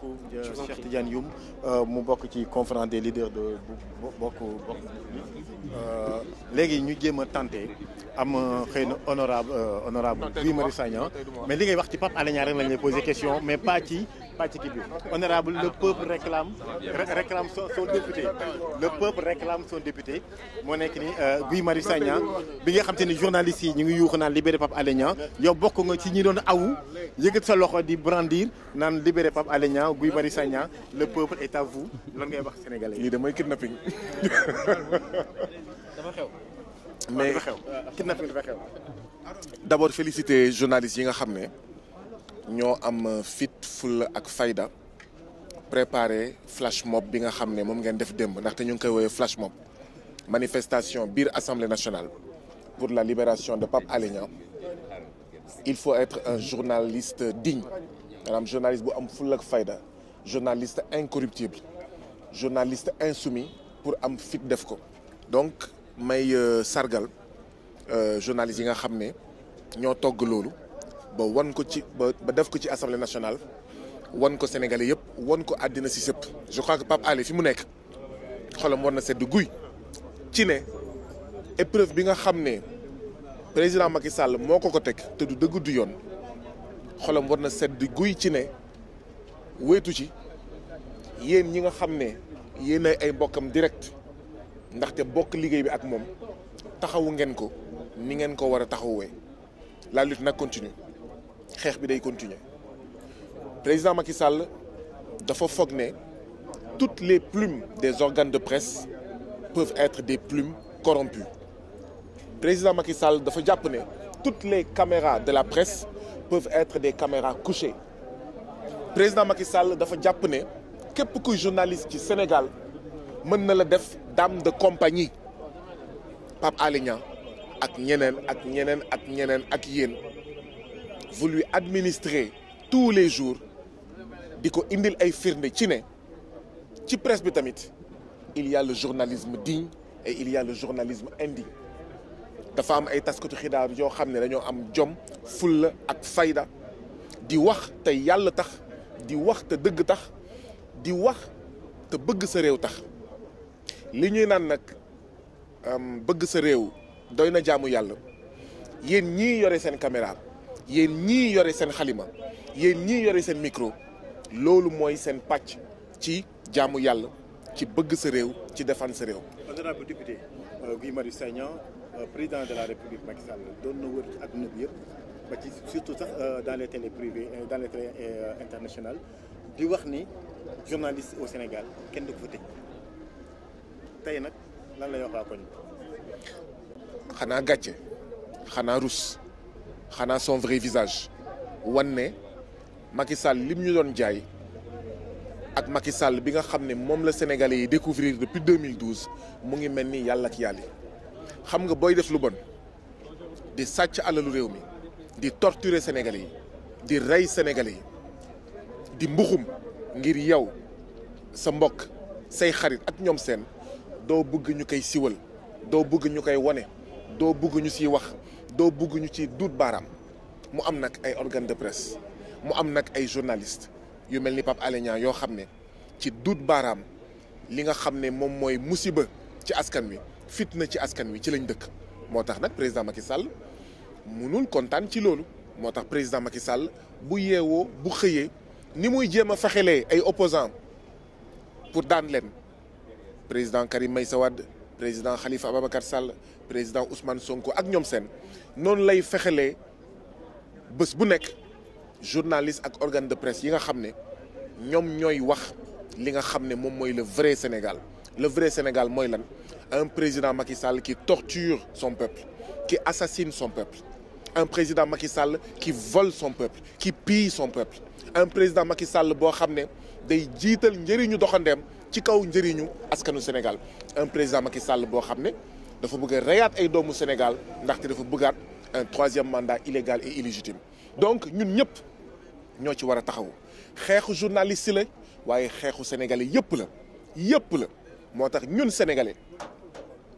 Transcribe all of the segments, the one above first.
beaucoup euh, Cheikh Tidiane Youm euh, mu bokk ci conférence des leaders de bokk bokk euh, léegi ñu jéem a tenté am xëy na honorable honorable Guy Marius Sagna mais li ngay wax ci Pape Alé Niang rek lañ lay question mais pas Pachiki bi honorable le peuple réclame réclame son son député le peuple réclame son député moo nekk ni euh, Guy Marius Sagna bi nga xam te ni journaliste yi ñu ngi yuuxu naan libéré Pape Alé Niang yow bokk nga ci ñi doon awu yëkkat sa loxo di brandir naan libéré Pape Alé Niang Guy Marius Sagna le peuple est à vous lan ngay wax sénégalais yi. lii damay kidnapping. dafa xew. mais dafa xew kidnapping dafa xew. d'abord féliciter journaliste yi nga xam ne. ñoo am euh, fit fulla ak fayda préparé flash mob bi nga xam ne moom ngeen def démb ndaxte ñu ngi koy woowee flash mob manifestation biir assemblée nationale pour la libération de Pape Alé il faut être un journaliste digne maanaam journaliste bu am fulla ak fayda journaliste incorruptible journaliste insoumis pour am fit def ko donc may euh, sargal euh, journaliste yi nga xam ne ñoo togg loolu ba wan ko ci ba def ko ci assemblée nationale wan ko sénégalais yëpp wan ko àddina si sëpp je crois que Pape Alé fi mu nekk xolam war na sedd guy ci ne épreuve bi nga xam ne président Macky Sall moo ko ko teg te du dëgg du yoon xolam war na sedd guy ci ne wéetu ci yéen ñi nga xam ne yéen ay mbokkam direct ndaxte bokk liggéey bi ak moom taxawu ngeen ko ni ngeen ko war a taxawee la lutte nag continue xeex bi day continuer président Macky Sall dafa foog ne toutes les plumes des organes de presse peuvent être des plumes corrompues président Macky Sall dafa jàpp ne toutes les caméras de la presse peuvent être des caméras couchées président Macky Sall dafa jàpp ne képp kuy journaliste ci Sénégal mën na la def dame de compagnie Pape Alé ak ñeneen ak ñeneen ak ñeneen ak yéen vous lui administrez tous les jours di ko indil ay firnde ci ne ci presse bi tamit il yàlla a digne ay il y a indigne dafa am ay taskatu xibaar yoo xam ne dañoo am jom fulla ak fayda di wax te yàlla tax di wax te dëgg tax di wax te bëgg sa réew tax li ñuy naan nag euh, bëgg sa réew doy na jaamu yàlla yéen ñii yore seen caméra yéen ñii yore seen xalima yéen ñii yore seen micro loolu mooy seen pàcc ci jaamu yàlla ci bëgg sa réew ci défendre sa réew. honorable député euh, Guy Marius Sagna euh, président la république Macky Sall doon na wër ci àdduna bi ba ci surtout sax euh, dans les télé privées dans les télé internationales di wax ni journaliste au Sénégal kenn du ko fa tëj tey nag lan la wax waa koñ xanaa gàcce xanaa rus. xanaa son vrai visage wan ne lim ñu doon jaay ak Macky Sall bi nga xam ne moom la sénégalais yi découvrir depuis 2012 mu ngi mel ni yàlla ak yàlli xam nga booy def lu bon di sàcc alalu réew mi di torturer sénégalais yi di ray sénégalais yi di mbuxum ngir yow sa mbokk say xarit ak ñoom seen doo bëgg ñu koy siwal doo bëgg ñu koy wone doo bëgg ñu siy wax doo bugg ci duut baaraam mu am nag ay organe de presse mu am nag ay journaliste yu mel ni Pape Alé yoo xam ne ci duut baaraam li nga xam ne moom mooy musiba ci askan wi fitna ci askan wi ci lañ dëkk moo tax nag président Macky Sall munul kontaan ci loolu moo tax président Macky Sall bu yeewoo bu xëyee ni muy jéem a fexelee ay opposants pour daan leen président Karim may Wade président Khalifa Ababacar Sall président Ousmane Sonko ak ñoom seen noonu lay fexelee bés bu nekk journaliste ak organe de presse yi nga xam ne ñoom ñooy wax li nga xam ne moom mooy le vrai Sénégal le vrai Sénégal mooy lan un président Macky Sall qui torture son peuple qui assassine son peuple un président Macky Sall qui vol son peuple qui pille son peuple un président Macky Sall boo xam ne day jiital njëriñu doxandeem ci kaw njëriñu askanu Sénégal un président Macky Sall boo xam ne dafa bëgg a reyaat ay doomu Sénégal ndaxte dafa bëggaat un troisième mandat illégal et illégitime donc ñun ñëpp ñoo ci war a taxawu xeexu journaliste la waaye xeexu sénégalais yëpp la yëpp la moo tax ñun sénégalais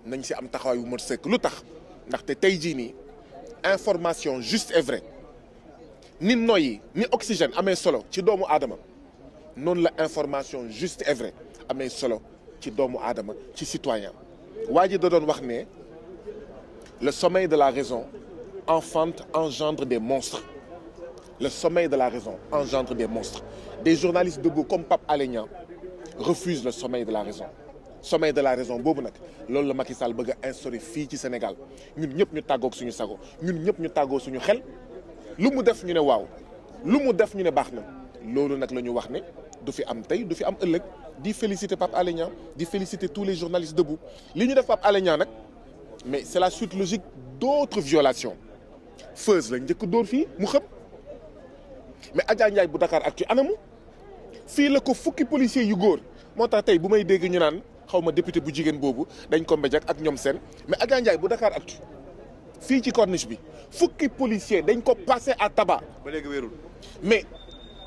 nañ si am taxawaayu bu mat sëkk lu tax ndaxte tey jii nii information juste et vraie ni noyyi ni oxygène amee solo ci doomu aadama noonu la information juste et vraie amee solo ci doomu aadama ci citoyen waa ji da doon wax ne le sommeil de la raison enfante engendre des monstres le sommeil de la raison engendre des monstres des journalistes debout comme Pape Alé Niang le sommeil de la raison sommeil de la raison boobu nag loolu la Macky Sall bëgg a instaurer fii ci Sénégal ñun ñëpp ñu tàggoog suñu sago ñun ñëpp ñu tàggoo suñu xel lu mu def ñu ne waaw lu mu def ñu ne baax na loolu nag la ñu wax ne du fi am tey du fi am ëllëg di féliciter Pape Alé di féliciter tous les journalistes debout li ñu def Pape Alé Niang nag mais c'est la suite logique d'autres violations feuse la njëkk dóor fii mu xëm mais Adja Ndiaye bu Dakar Actu anamu fii la ko fukki policier yu góor moo tax tey bu may dégg ñu naan xaw ma député bu jigéen boobu dañ ko mbéj ak ñoom seen mais Adja Ndiaye bu Dakar Actu fii ci corniche bi fukki policier dañ ko passé à taba ba wérul mais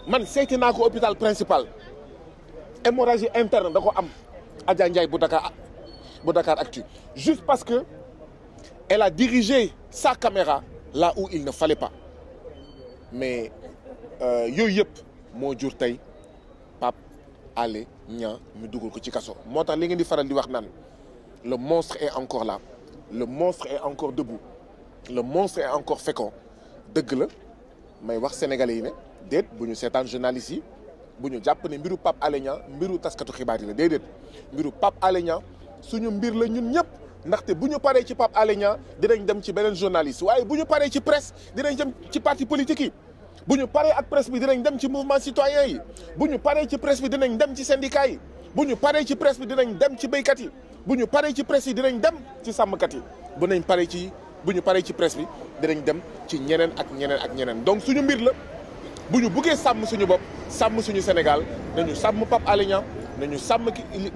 man seeti naa ko hôpital principal. hémorragie interne da ko am Adja Ndiaye bu Dakar bu Dakar Actu juste parce que elle a dirigé sa caméra là où il ne fallait pas mais euh, yooyu yëpp moo jur tey Pape Alé Niang ñu dugal ko ci kaso moo tax li di faral di wax naan le monstre est encore là le monstre est encore debout le monstre est encore fécond dëgg la may wax sénégalais yi ne déet bu ñu seetaan journalistes yi bu ñu jàpp ne mbiru pap Alé Niang mbiru taskatu xibaar yi la déedéet mbiru Pape Alé Niang suñu mbir la ñun ñëpp ndaxte bu ñu paree ci Pape Alé dinañ dem ci beneen journaliste waaye bu ñu paree ci presse dinañ dem ci parti politique yi bu ñu paree ak presse bi dinañ dem ci mouvement citoyen yi bu ñu paree ci presse bi dinañ dem ci syndicat yi bu ñu paree ci presse bi dinañ dem ci béykat yi bu ñu paree ci presse yi dinañ dem ci sàmmkat yi bu nañ paree ci bu ñu paree ci presse yi dinañ dem ci ñeneen ak ñeneen ak ñeneen donc suñu mbir la bu ñu buggee sàmm suñu bopp sàmm suñu Sénégal nañu sàmm Pape Alé Niang nañu sàmm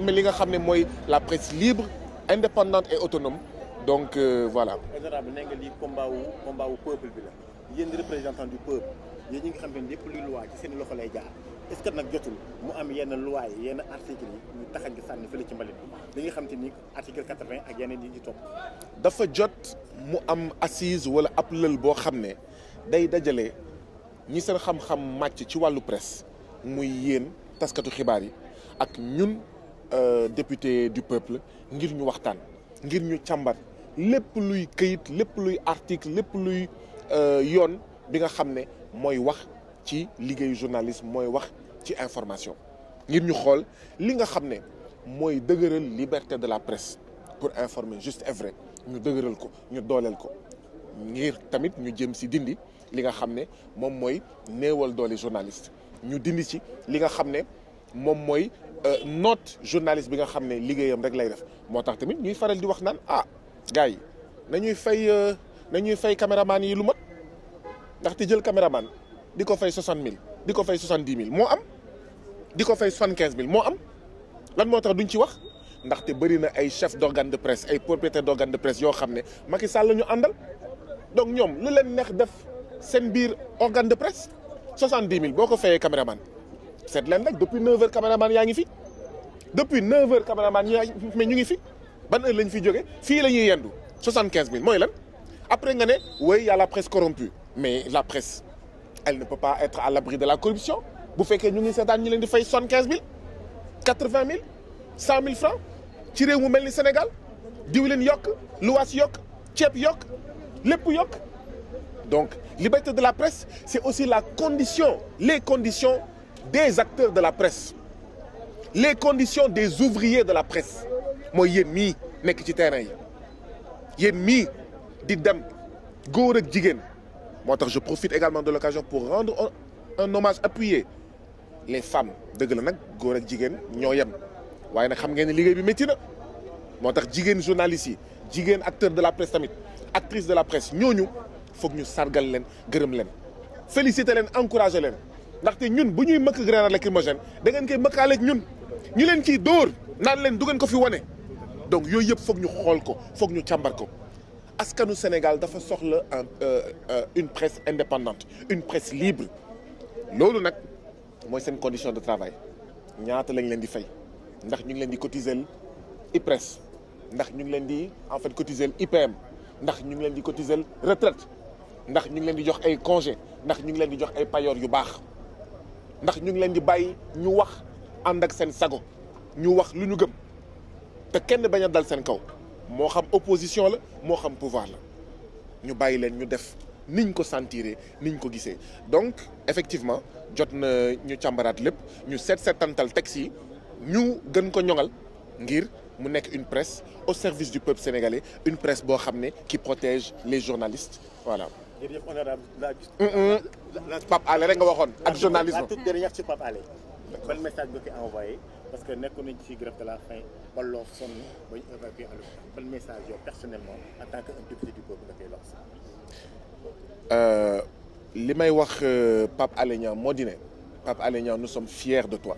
li nga xam ne mooy la presse libre indépendante et autonome donc euh, voilà. honorable nee nga lii combat wu combat wu peuple bi la yéen représentant du peuple yéen ñi nga xam ne lépp luy loi ci seen loxo lay jaar est-ce que nag jotul mu am yenn loi yi yenn article yi ñu taxañ nga sànni fële ci mbalit bi li nga xam te ni article quatre-vingt ak yeneen yi ñu topp. dafa jot mu am assise wala ab lël boo xam ne day dajale. ñi seen xam-xam màcc ci wàllu presse muy yéen taskatu xibaar yi ak ñun euh, député du peuple ngir ñu waxtaan ngir ñu càmbar lépp luy këyit lépp luy article lépp luy euh, yoon bi nga xam ne mooy wax ci liggéeyu journaliste mooy wax ci information ngir ñu xool li nga xam ne mooy dëgëral liberté de la presse pour informer juste et vrai ñu dëgëral ko ñu dooleel ko ngir tamit ñu jëm si dindi li nga xam ne moom mooy néewal doole journaliste ñu dindi li nga xam ne moom mooy euh, note journaliste bi nga xam ne liggéeyam rek lay def moo tax tamit ñuy faral di wax naan ah gars yi nañuy fay euh, nañuy fay caméraman yi lu mat ndaxte jël caméraman di ko fay soixante mille di ko fay soixante dix mille moo am di ko fay soixante quinze mille moo am lan moo tax duñ ci wax ndaxte bëri na ay chef d'organe de presse ay propriétaire d'organe de presse yoo xam ne Macky Sall la ñu àndal donc ñoom lu leen neex def seen biir organe de presse soixante dix mille boo ko fayee caméraman seet leen nag depuis neuf heures caméraman yaa ngi fi depuis neuf heures caméraman yaa mais ñu ngi fi ban heure lañ fiy jógee fii la ñuy yendu soixante quinze mille mooy lan après nga ne oui y a la presse corrompue mais la presse elle ne peut pas être à l'abri de la corruption bu fekkee ñu ngi seetaan ñu leen di fay soixante quinze mille quatre vingt mille cent mille francs ci réew mu mel ni Sénégal diwlin yokk luwaas yokk ceeb yokk lépp yokk donc liberté de la presse, c'est aussi la condition, les conditions des acteurs de la presse. Les conditions des ouvriers de la presse. mooy yéen mii nekk ci terrain yi yéen mii di dem góor ak jigéen moo tax je profite également de l'occasion pour rendre un hommage appuyé les femmes dëgg la nag góor ak jigéen ñoo yem waaye nag xam ngeen ne liggéey bi métti na moo tax jigéen journalistes yi jigéen acteur de la presse tamit actrice de la presse ñooñu foog ñu sargal leen gërëm leen féliciter leen encourager leen ndaxte ñun bu ñuy mëkk grenade lacrymogène da ngeen koy mëkkaale ak ñun ñu leen ciy dóor naan leen du ko fi wane donc yooyu yëpp foog ñu xool ko foog ñu càmbar ko askanu Sénégal dafa soxla euh, euh, une presse indépendante une presse libre loolu nag mooy seen condition de travail ñaata lañ leen di fay ndax ñu ngi leen di cotiser IPRES ndax ñu ngi leen di en fait cotiser IPM ndax ñu ngi leen di cotiser retraite ndax ñu ngi leen di jox ay congé ndax ñu ngi leen di jox ay payoor yu baax ndax ñu ngi leen di bàyyi ñu wax ànd ak seen sago ñu wax lu ñu gëm te kenn bañ a dal seen kaw moo xam opposition la moo xam pouvoir la ñu bàyyi leen ñu def niñ ko sentiree niñ ko gisee donc effectivement jot na ñu càmbaraat lépp ñu seet seetantal teg yi ñu gën ko ñoŋal ngir mu nekk une presse au service du peuple sénégalais une presse boo xam ne qui protége les journalistes voilà jërëjëf honorable la juste. Mm, mm. Pape Alé rek nga waxoon ak journalisme. la toute dernière ci Pape envoyé parce que nekkoon nañ ci grève de la faim message yow en tant que un député euh, li may wax euh, Pape Alé Niang moo di ne Pape Alé Niang nous sommes fiers de toi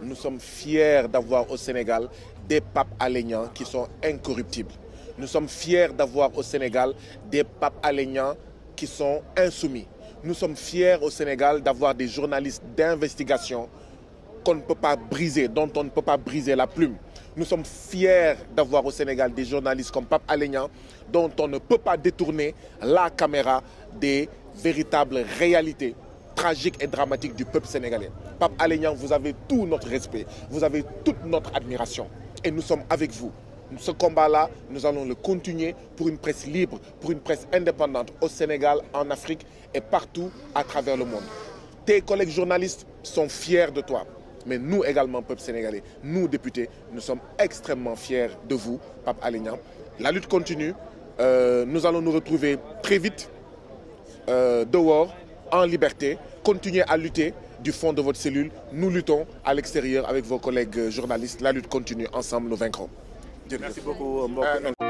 nous sommes fiers d'avoir au Sénégal des pap Alé Niang qui sont incorruptibles. Nous sommes fiers d'avoir au Sénégal des papes aléniens qui sont insoumis. Nous sommes fiers au Sénégal d'avoir des journalistes d'investigation qu'on ne peut pas briser, on ne peut pas briser la plume. Nous sommes fiers d'avoir au Sénégal des journalistes comme Pape Alénian, dont on ne peut pas détourner la caméra des véritables réalités tragiques et dramatiques du peuple sénégalais. Pape Alénian, vous avez tout notre respect, vous avez toute notre admiration. Et nous sommes ce combat-là, nous allons le continuer pour une presse libre, pour une presse indépendante au Sénégal, en Afrique et partout à travers le monde. Tes collègues journalistes sont fiers de toi. Mais nous également, peuple sénégalais, nous députés, nous sommes extrêmement fiers de vous, Pape Alignan. La lutte continue. Euh, nous allons nous retrouver très vite euh, dehors, en liberté. Continuez à lutter du fond de votre cellule. Nous luttons à l'extérieur avec vos collègues La lutte continue. Ensemble, nous merci beaucoup mbokk ah,